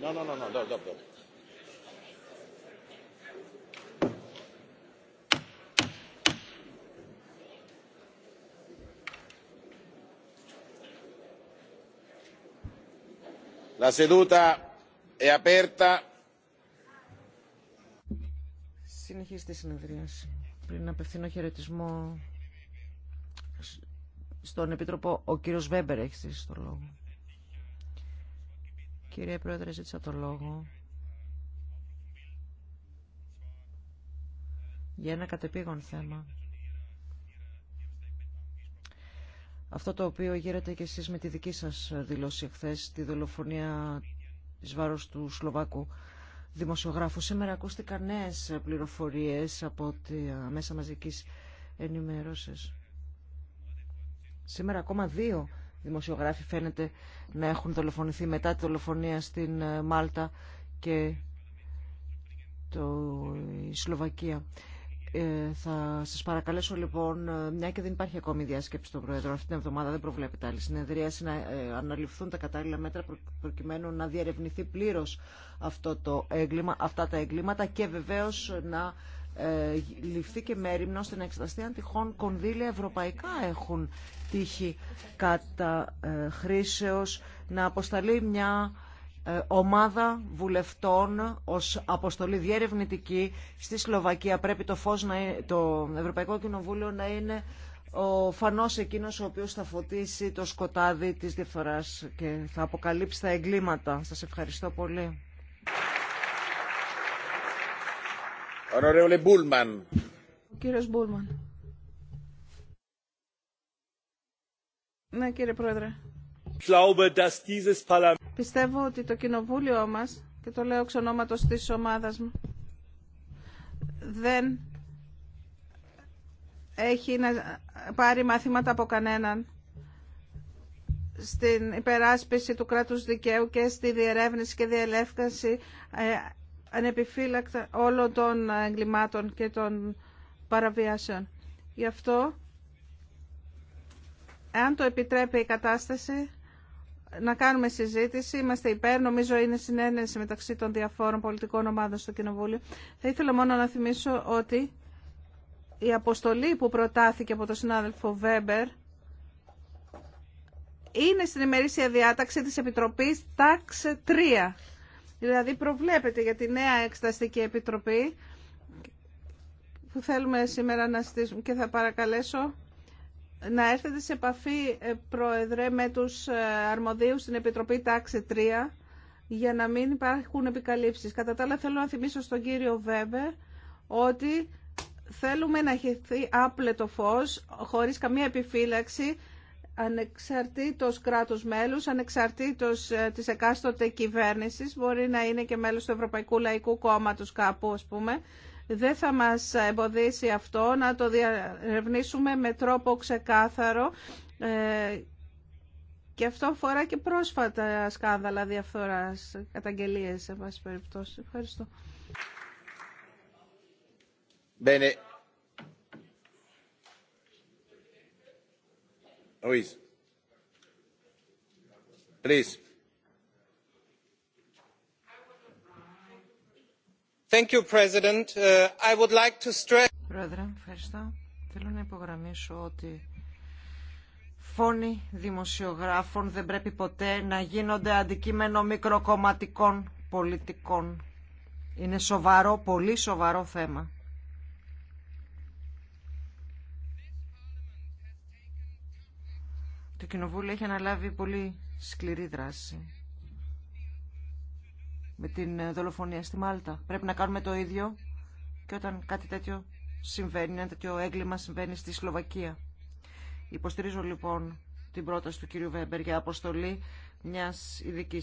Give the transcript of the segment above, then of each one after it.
No, no, no, no, no, no, no. La seduta è aperta. Συνεχίζεται τη συνεδρίαση. Πριν απευθύνω χαιρετισμό στον Επίτροπο, ο κύριος Βέμπερ έχει στήσει το λόγο. Κύριε Πρόεδρε, ζήτησα το λόγο για ένα κατεπήγον θέμα. Αυτό το οποίο γύρετε και εσείς με τη δική σας δηλώση χθες, τη δολοφονία της βάρος του Σλοβάκου δημοσιογράφου. Σήμερα ακούστηκαν νέες πληροφορίες από τη μέσα μαζικής ενημέρωσης. Σήμερα ακόμα δύο δημοσιογράφοι φαίνεται να έχουν δολοφονηθεί μετά τη δολοφονία στην ε, Μάλτα και το, η Σλοβακία. Ε, θα σας παρακαλέσω λοιπόν, ε, μια και δεν υπάρχει ακόμη διάσκεψη στον Πρόεδρο αυτή την εβδομάδα, δεν προβλέπεται άλλη συνεδρίαση, να ε, αναλυφθούν τα κατάλληλα μέτρα προκειμένου να διαρευνηθεί πλήρως αυτό το έγκλημα, αυτά τα έγκληματα και βεβαίως να ε, ληφθεί και μέρημνα ώστε να εξεταστεί αν τυχόν κονδύλια ευρωπαϊκά έχουν τύχει κατά ε, χρήσεως να αποσταλεί μια ε, ομάδα βουλευτών ως αποστολή διερευνητική στη Σλοβακία. Πρέπει το, φως να το Ευρωπαϊκό Κοινοβούλιο να είναι ο φανός εκείνος ο οποίος θα φωτίσει το σκοτάδι της διαφθοράς και θα αποκαλύψει τα εγκλήματα. Σας ευχαριστώ πολύ. Ο κύριος Μπούλμαν. Ναι, κύριε Πρόεδρε. Πιστεύω ότι το κοινοβούλιο μας, και το λέω εξ της ομάδας μου, δεν έχει να πάρει μαθήματα από κανέναν στην υπεράσπιση του κράτους δικαίου και στη διερεύνηση και διελεύκανση ε, ανεπιφύλακτα όλων των εγκλημάτων και των παραβιάσεων. Γι' αυτό, εάν το επιτρέπει η κατάσταση, να κάνουμε συζήτηση. Είμαστε υπέρ, νομίζω είναι συνένεση μεταξύ των διαφόρων πολιτικών ομάδων στο Κοινοβούλιο. Θα ήθελα μόνο να θυμίσω ότι η αποστολή που προτάθηκε από τον συνάδελφο Βέμπερ είναι στην ημερήσια διάταξη της Επιτροπής τάξη Δηλαδή προβλέπεται για τη νέα Εξεταστική Επιτροπή που θέλουμε σήμερα να στήσουμε και θα παρακαλέσω να έρθετε σε επαφή, ε, Πρόεδρε, με τους ε, αρμοδίους στην Επιτροπή Τάξη 3 για να μην υπάρχουν επικαλύψεις. Κατά τα άλλα θέλω να θυμίσω στον κύριο Βέβε ότι θέλουμε να χεθεί άπλετο φως, χωρίς καμία επιφύλαξη, ανεξαρτήτως κράτους μέλους, ανεξαρτήτως ε, της εκάστοτε κυβέρνησης, μπορεί να είναι και μέλος του Ευρωπαϊκού Λαϊκού Κόμματος κάπου, πούμε, δεν θα μας εμποδίσει αυτό να το διαρευνήσουμε με τρόπο ξεκάθαρο ε, και αυτό αφορά και πρόσφατα σκάνδαλα διαφθοράς, καταγγελίες, σε βάση περιπτώσει. Ευχαριστώ. Bene. Ruiz. Thank uh, Πρόεδρε, ευχαριστώ. Θέλω να υπογραμμίσω ότι φόνοι δημοσιογράφων δεν πρέπει ποτέ να γίνονται αντικείμενο μικροκομματικών πολιτικών. Είναι σοβαρό, πολύ σοβαρό θέμα. Το Κοινοβούλιο έχει αναλάβει πολύ σκληρή δράση με την δολοφονία στη Μάλτα. Πρέπει να κάνουμε το ίδιο και όταν κάτι τέτοιο συμβαίνει, ένα τέτοιο έγκλημα συμβαίνει στη Σλοβακία. Υποστηρίζω λοιπόν την πρόταση του κυρίου Βέμπερ για αποστολή μιας ειδική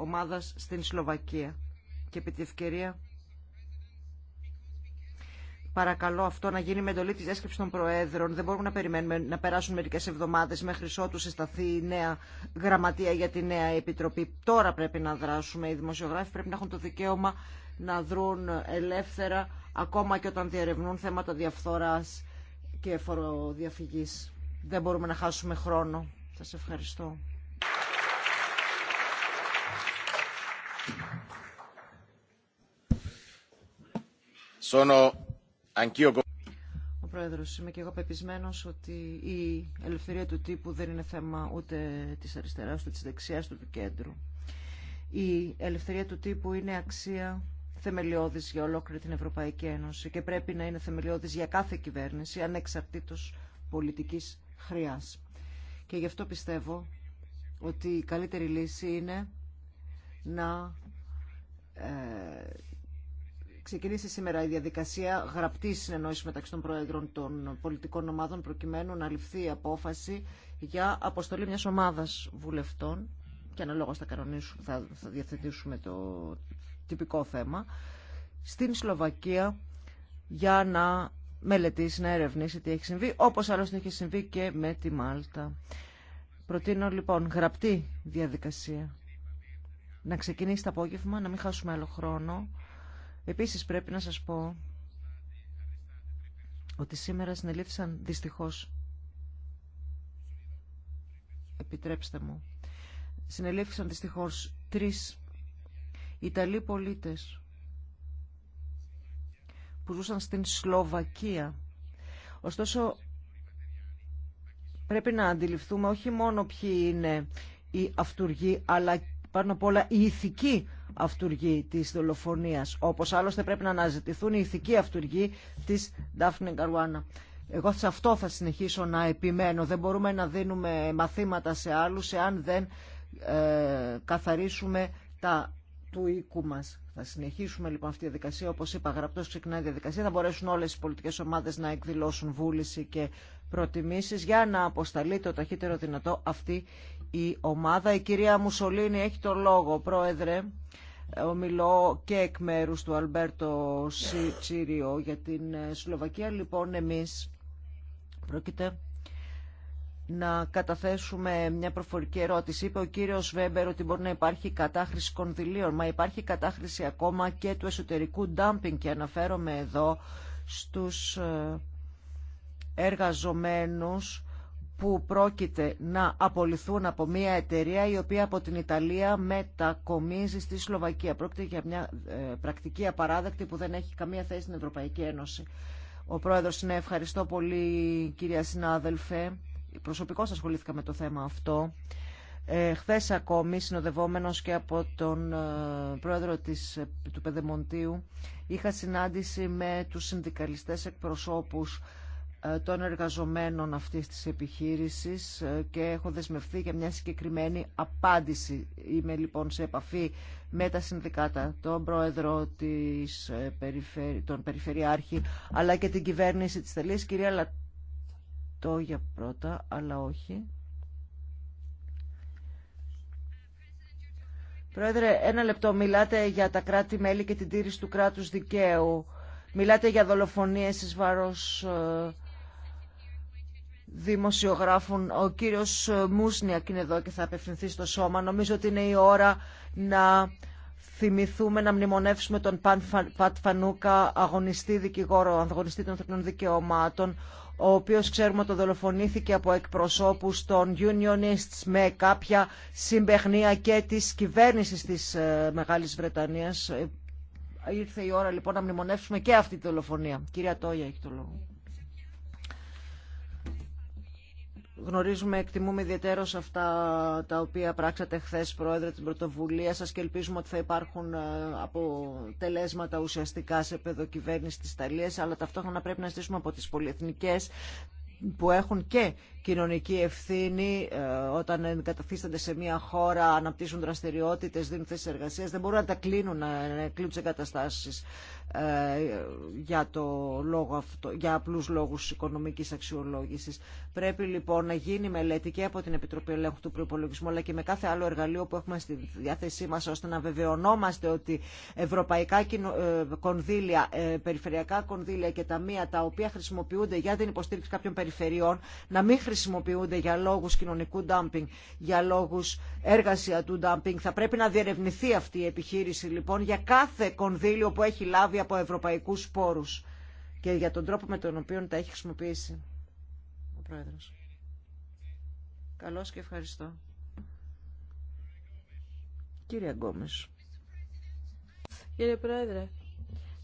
ομάδας στην Σλοβακία και επί τη ευκαιρία Παρακαλώ αυτό να γίνει με εντολή τη έσκεψη των Προέδρων. Δεν μπορούμε να περιμένουμε να περάσουν μερικέ εβδομάδε μέχρι ότου συσταθεί η νέα γραμματεία για τη νέα επιτροπή. Τώρα πρέπει να δράσουμε. Οι δημοσιογράφοι πρέπει να έχουν το δικαίωμα να δρουν ελεύθερα ακόμα και όταν διερευνούν θέματα διαφθορά και φοροδιαφυγή. Δεν μπορούμε να χάσουμε χρόνο. Σα ευχαριστώ. Sono ο Πρόεδρος, είμαι και εγώ πεπισμένος ότι η ελευθερία του τύπου δεν είναι θέμα ούτε της αριστεράς, ούτε της δεξιάς, ούτε του κέντρου. Η ελευθερία του τύπου είναι αξία θεμελιώδης για ολόκληρη την Ευρωπαϊκή Ένωση και πρέπει να είναι θεμελιώδης για κάθε κυβέρνηση, ανεξαρτήτως πολιτικής χρειάς. Και γι' αυτό πιστεύω ότι η καλύτερη λύση είναι να ε, ξεκινήσει σήμερα η διαδικασία γραπτή συνεννόηση μεταξύ των Προέδρων των πολιτικών ομάδων προκειμένου να ληφθεί η απόφαση για αποστολή μια ομάδα βουλευτών και αναλόγω θα, θα, θα διαθετήσουμε το τυπικό θέμα στην Σλοβακία για να μελετήσει, να ερευνήσει τι έχει συμβεί, όπω άλλωστε έχει συμβεί και με τη Μάλτα. Προτείνω λοιπόν γραπτή διαδικασία να ξεκινήσει το απόγευμα, να μην χάσουμε άλλο χρόνο. Επίσης πρέπει να σας πω ότι σήμερα συνελήφθησαν δυστυχώς επιτρέψτε μου συνελήφθησαν δυστυχώς τρεις Ιταλοί πολίτες που ζούσαν στην Σλοβακία. Ωστόσο πρέπει να αντιληφθούμε όχι μόνο ποιοι είναι οι αυτούργοι αλλά πάνω απ' όλα οι ηθικοί αυτούργοι της δολοφονίας. Όπως άλλωστε πρέπει να αναζητηθούν οι ηθικοί αυτούργοι της Ντάφνη Καρουάνα. Εγώ σε αυτό θα συνεχίσω να επιμένω. Δεν μπορούμε να δίνουμε μαθήματα σε άλλους εάν δεν ε, καθαρίσουμε τα του οίκου μας. Θα συνεχίσουμε λοιπόν αυτή η διαδικασία. Όπως είπα, γραπτός ξεκινάει η διαδικασία. Θα μπορέσουν όλες οι πολιτικές ομάδες να εκδηλώσουν βούληση και προτιμήσεις για να αποσταλεί το ταχύτερο δυνατό αυτή η ομάδα. Η κυρία Μουσολίνη έχει το λόγο, πρόεδρε ομιλώ και εκ μέρους του Αλμπέρτο Σιτσίριο για την ε, Σλοβακία. Λοιπόν, εμείς πρόκειται να καταθέσουμε μια προφορική ερώτηση. Είπε ο κύριος Βέμπερ ότι μπορεί να υπάρχει κατάχρηση κονδυλίων, μα υπάρχει κατάχρηση ακόμα και του εσωτερικού ντάμπινγκ και αναφέρομαι εδώ στους ε, εργαζομένους που πρόκειται να απολυθούν από μια εταιρεία η οποία από την Ιταλία μετακομίζει στη Σλοβακία. Πρόκειται για μια ε, πρακτική απαράδεκτη που δεν έχει καμία θέση στην Ευρωπαϊκή Ένωση. Ο Πρόεδρος είναι ευχαριστώ πολύ κυρία συνάδελφε. Προσωπικώ ασχολήθηκα με το θέμα αυτό. Ε, χθες ακόμη, συνοδευόμενος και από τον ε, πρόεδρο της, ε, του Πεδεμοντίου, είχα συνάντηση με τους συνδικαλιστές εκπροσώπους ε, των εργαζομένων αυτής της επιχείρησης ε, και έχω δεσμευθεί για μια συγκεκριμένη απάντηση. Είμαι λοιπόν σε επαφή με τα συνδικάτα, τον πρόεδρο της, ε, τον Περιφερειάρχη, αλλά και την κυβέρνηση της Θελής, κυρία για πρώτα, αλλά όχι. Πρόεδρε, ένα λεπτό. Μιλάτε για τα κράτη-μέλη και την τήρηση του κράτους δικαίου. Μιλάτε για δολοφονίες εις βάρος δημοσιογράφων. Ο κύριος Μούσνιακ είναι εδώ και θα απευθυνθεί στο σώμα. Νομίζω ότι είναι η ώρα να θυμηθούμε, να μνημονεύσουμε τον Πατ Φανούκα, αγωνιστή δικηγόρο, αγωνιστή των ανθρωπινών δικαιωμάτων, ο οποίος ξέρουμε το δολοφονήθηκε από εκπροσώπους των Unionists με κάποια συμπαιχνία και της κυβέρνησης της ε, Μεγάλης Βρετανίας. Ε, ήρθε η ώρα λοιπόν να μνημονεύσουμε και αυτή τη δολοφονία. Κυρία Τόγια έχει το λόγο. Γνωρίζουμε, εκτιμούμε ιδιαίτερω αυτά τα οποία πράξατε χθε, Πρόεδρε, την πρωτοβουλία σα και ελπίζουμε ότι θα υπάρχουν ε, αποτελέσματα ουσιαστικά σε παιδοκυβέρνηση κυβέρνηση τη Ιταλία. Αλλά ταυτόχρονα πρέπει να ζητήσουμε από τι πολυεθνικέ που έχουν και κοινωνική ευθύνη ε, όταν καταθίστανται σε μια χώρα, αναπτύσσουν δραστηριότητες, δίνουν θέσεις εργασίας, δεν μπορούν να τα κλείνουν, να κλείνουν τις εγκαταστάσεις ε, για, το λόγο αυτό, για απλούς λόγους οικονομικής αξιολόγησης. Πρέπει λοιπόν να γίνει μελέτη και από την Επιτροπή Ελέγχου του Προϋπολογισμού αλλά και με κάθε άλλο εργαλείο που έχουμε στη διάθεσή μας ώστε να βεβαιωνόμαστε ότι ευρωπαϊκά ε, κονδύλια, περιφερειακά κονδύλια και ταμεία τα οποία χρησιμοποιούνται για την υποστήριξη κάποιων περιφερειών να μην χρησιμοποιούνται για λόγους κοινωνικού ντάμπινγκ, για λόγους έργασία του ντάμπινγκ. Θα πρέπει να διερευνηθεί αυτή η επιχείρηση λοιπόν για κάθε κονδύλιο που έχει λάβει από ευρωπαϊκούς πόρους και για τον τρόπο με τον οποίο τα έχει χρησιμοποιήσει ο Πρόεδρος. Καλώς και ευχαριστώ. Κύριε Γκόμες. Κύριε Πρόεδρε,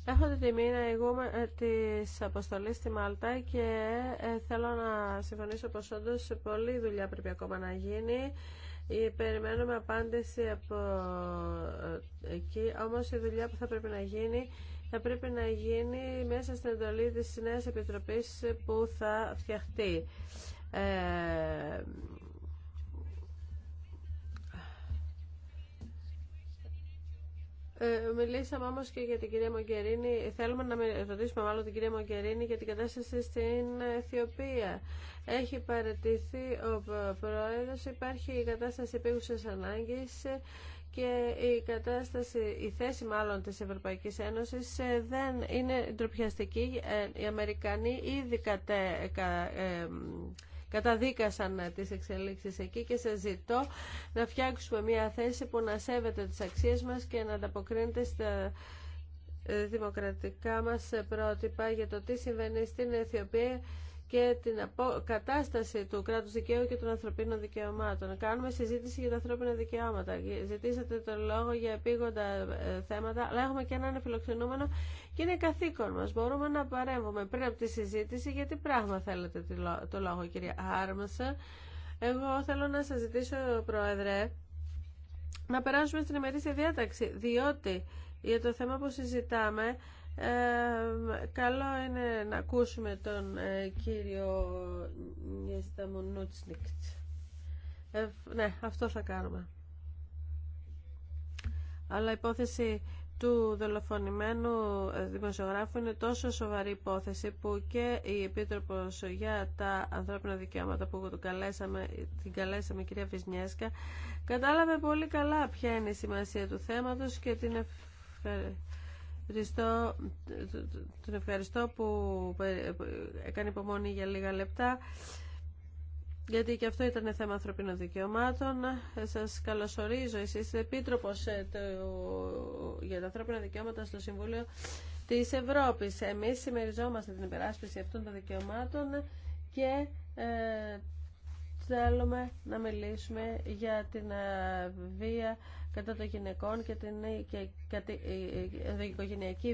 Έχω την τιμή να ηγούμε ε, τη αποστολή στη Μάλτα και ε, θέλω να συμφωνήσω πως όντως πολλή δουλειά πρέπει ακόμα να γίνει. Ε, περιμένουμε απάντηση από εκεί, όμως η δουλειά που θα πρέπει να γίνει θα πρέπει να γίνει μέσα στην εντολή της νέας επιτροπής που θα φτιαχτεί. Ε, μιλήσαμε όμως και για την κυρία Μογκερίνη. Θέλουμε να ρωτήσουμε μάλλον την κυρία Μογκερίνη για την κατάσταση στην Αιθιοπία. Έχει παρατηθεί ο πρόεδρος, υπάρχει η κατάσταση επίγουσας ανάγκης και η κατάσταση, η θέση μάλλον της Ευρωπαϊκής Ένωσης ε, δεν είναι ντροπιαστική. Ε, οι Αμερικανοί ήδη κατέ, καταδίκασαν ε, τις εξελίξεις εκεί και σε ζητώ να φτιάξουμε μια θέση που να σέβεται τις αξίες μας και να ανταποκρίνεται στα ε, δημοκρατικά μας ε, πρότυπα για το τι συμβαίνει στην Αιθιοπία και την κατάσταση του κράτου δικαίου και των ανθρωπίνων δικαιωμάτων. Κάνουμε συζήτηση για τα ανθρώπινα δικαιώματα. Ζητήσατε τον λόγο για επίγοντα θέματα, αλλά έχουμε και έναν φιλοξενούμενο και είναι καθήκον μας. Μπορούμε να παρέμβουμε πριν από τη συζήτηση γιατί πράγμα θέλετε το λόγο κυρία Άρμασα Εγώ θέλω να σας ζητήσω Πρόεδρε να περάσουμε στην ημερήσια διάταξη διότι για το θέμα που συζητάμε ε, καλό είναι να ακούσουμε τον ε, κύριο Νιεσταμουνούτσνικτ. Ε, ναι, αυτό θα κάνουμε. Αλλά υπόθεση του δολοφονημένου ε, δημοσιογράφου είναι τόσο σοβαρή υπόθεση που και η Επίτροπος για τα ανθρώπινα δικαιώματα που του καλέσαμε, την καλέσαμε η κυρία Βυσνιέσκα κατάλαβε πολύ καλά ποια είναι η σημασία του θέματος και την ευχαριστώ, ε, την ευχαριστώ που ε, έκανε υπομονή για λίγα λεπτά γιατί και αυτό ήταν θέμα ανθρωπίνων δικαιωμάτων. Σας καλωσορίζω. Εσείς είστε επίτροπος ε, για τα ανθρώπινα δικαιώματα στο Συμβούλιο της Ευρώπης. Εμείς συμμεριζόμαστε την υπεράσπιση αυτών των δικαιωμάτων και ε, θέλουμε να μιλήσουμε για την ε, βία κατά των γυναικών και την και, οικογενειακή